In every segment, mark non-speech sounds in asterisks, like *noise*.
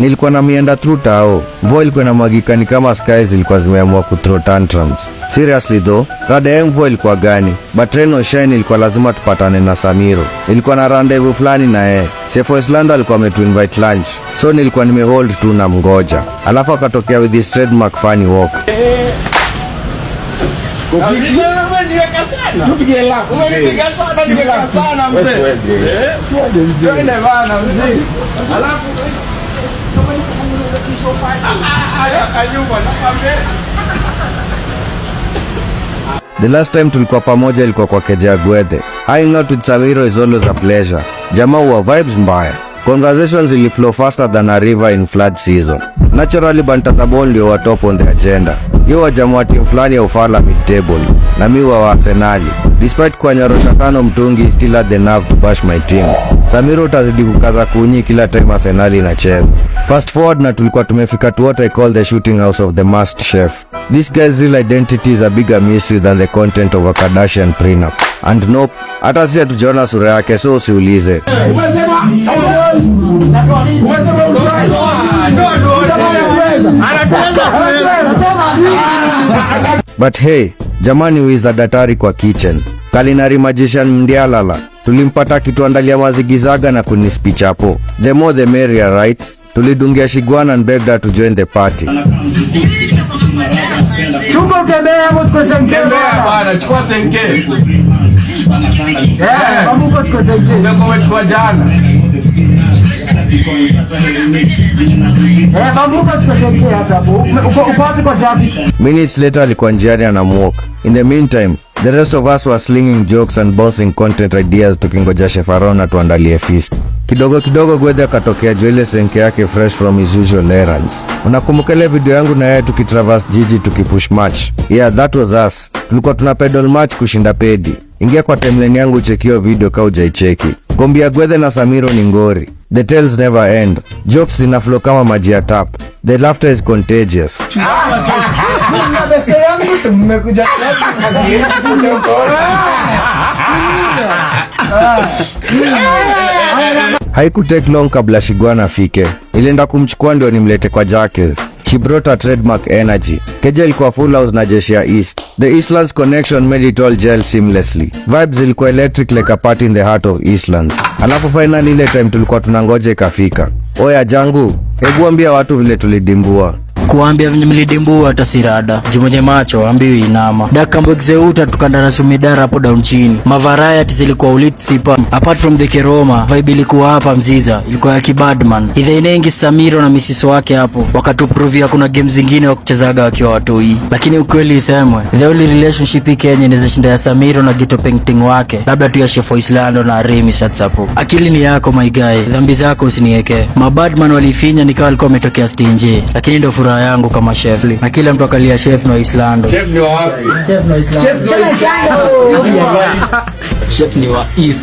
Nilikuwa na mienda through tao. Mvua ilikuwa inamwagika ni kama skies zilikuwa zimeamua kuthrow tantrums. Seriously though, rada ya mvua ilikuwa gani? But rain or shine ilikuwa lazima tupatane na Samiro. Ilikuwa na rendezvous fulani na yeye. Chef Westlando alikuwa ametu invite lunch. So nilikuwa nimehold tu na mgoja. Alafu akatokea with his trademark funny walk. *laughs* The last time tulikuwa pamoja ilikuwa kwa Keja Gwede. Hanging out with Samiro is always a pleasure. Jamaa huwa vibes mbaya. Conversations iliflow faster than a river in flood season. Naturally, banter the ball ndio wa top on the agenda. Yowa jamaa timu fulani ya Ufala mid table na mi wa Arsenali. Despite kwa nyorosha tano mtungi still had the nerve to bash my team. Samiro utazidi kukaza kunyi kila time Arsenali inacheza. Fast forward na tulikuwa tumefika to what I call the shooting house of the masked chef. This guy's real identity is a bigger mystery than the content of a Kardashian prenup and no, hata sisi hatujaona sura yake, so usiulize. But hey jamani, who is the datari kwa kitchen culinary magician Mdialala tulimpata kituandalia mazigizaga na kunispich hapo. The more the merrier, right? Tulidungia shigwana and begged her to join the party. Chunga utembea hapo, chukua senke bwana, chukua senke Minutes later alikuwa njiani anamwalk. In the meantime, the rest of us were slinging jokes and bouncing content ideas tukingoja Shefaron atuandalie feast. Kidogo kidogo Gwethe akatokea juu ile senke yake fresh from his usual errands. Unakumbuka ile video yangu na yeye tukitraverse jiji tukipush match? Yeah, that was us. Tulikuwa tuna pedal match kushinda pedi. Ingia kwa timeline yangu uchekio video kama hujaicheki. Ngombi ya Gwethe na Samiro ni ngori. The tales never end. Jokes flow kama maji ya tap. The laughter is contagious. take long kabla Shigwana afike. ilienda kumchukua ndio nimlete kwa Jacques brought Gibraltar Trademark Energy. Keja ilikuwa full house na jeshi ya East. The Eastlands connection made it all gel seamlessly. Vibes ilikuwa electric like a party in the heart of Eastlands. Alafu finally ile time tulikuwa tunangoja ikafika. Oya jangu, hebu ambia watu vile tulidimbua kuambia venye mlidimbu hata sirada jumenye macho ambiwi inama tukanda na sumidara hapo down chini mavariety zilikuwa ulitsipa apart from the keroma vibe ilikuwa hapa mziza ilikuwa ya kibadman inengi samiro na misiso wake hapo wakatupruvia kuna game zingine wa kuchezaga wakiwa watoi lakini ukweli isemwe the only relationship hii kenya inaweza shinda ya samiro na gito painting wake labda tu ya shefo islando na remi satsapo akili ni yako my guy dhambi zako usiniekee mabadman walifinya nikawa alikuwa ametokea stinje lakini ndo furaha furaha yangu kama chef, na kila mtu akalia chef ni wa Islando. Chef ni wa wapi? Chef ni Islando. Chef ni wa Islando. Chef ni wa East.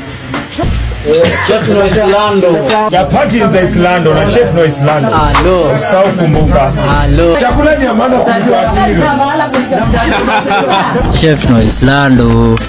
Chef no Islando. Chapati za Islando na chef no Islando. Halo. Usahau kumbuka. Halo. Chakula ni amana kumbuka Chef no Islando.